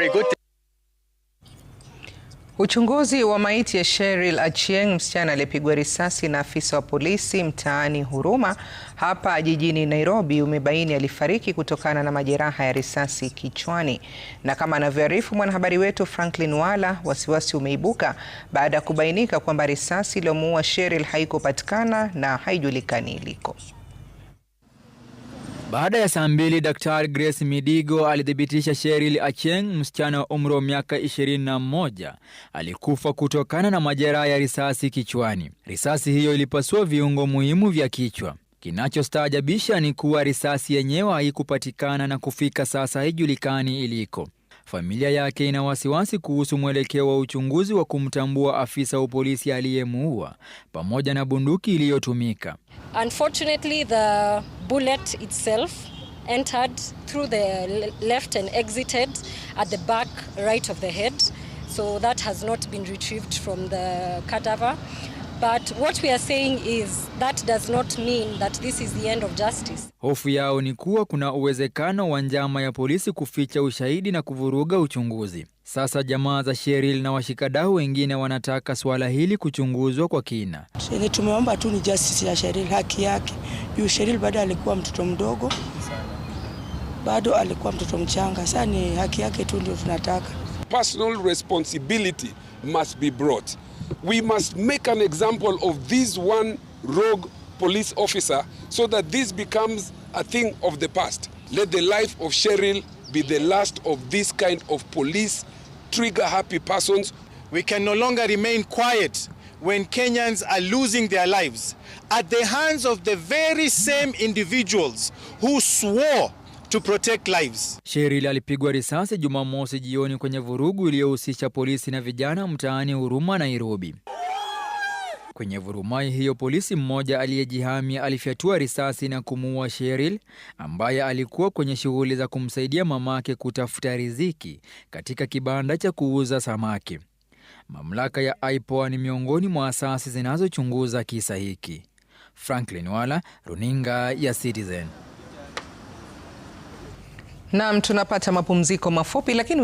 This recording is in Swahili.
Very good. Uchunguzi wa maiti ya Sheryl Achieng', msichana aliyepigwa risasi na afisa wa polisi mtaani Huruma hapa jijini Nairobi, umebaini alifariki kutokana na majeraha ya risasi kichwani. Na kama anavyoarifu mwanahabari wetu Franklin Wala, wasiwasi umeibuka baada ya kubainika kwamba risasi iliyomuua Sheryl haikupatikana na haijulikani iliko. Baada ya saa mbili, Daktari Grace Midigo alithibitisha sheril Achieng, msichana wa umri wa miaka 21, alikufa kutokana na majeraha ya risasi kichwani. Risasi hiyo ilipasua viungo muhimu vya kichwa. Kinachostaajabisha ni kuwa risasi yenyewe haikupatikana na kufika sasa haijulikani iliko. Familia yake ina wasiwasi kuhusu mwelekeo wa uchunguzi wa kumtambua afisa wa polisi aliyemuua pamoja na bunduki iliyotumika. Unfortunately, the bullet itself entered through the left and exited at the back right of the head. So that has not been retrieved from the cadaver. But what we are saying is that does not mean that this is the end of justice. Hofu yao ni kuwa kuna uwezekano wa njama ya polisi kuficha ushahidi na kuvuruga uchunguzi. Sasa jamaa za Sheryl na washikadau wengine wanataka swala hili kuchunguzwa kwa kina. Yenye tumeomba tu ni justice ya Sheryl, haki yake. Yu Sheryl bado alikuwa mtoto mdogo, bado alikuwa mtoto mchanga. Sasa ni haki yake tu ndio tunataka. Personal responsibility must be brought. we must make an example of this one rogue police officer so that this becomes a thing of the past. Let the life of Cheryl be the last of this kind of police trigger happy persons. We can no longer remain quiet when Kenyans are losing their lives at the hands of the very same individuals who swore to protect lives. Sheril alipigwa risasi Jumamosi jioni kwenye vurugu iliyohusisha polisi na vijana mtaani Huruma, Nairobi. Kwenye vurumai hiyo, polisi mmoja aliyejihami alifyatua risasi na kumuua Sheril ambaye alikuwa kwenye shughuli za kumsaidia mamake kutafuta riziki katika kibanda cha kuuza samaki. Mamlaka ya IPOA ni miongoni mwa asasi zinazochunguza kisa hiki. Franklin Wala, Runinga ya Citizen. Naam, tunapata mapumziko mafupi lakini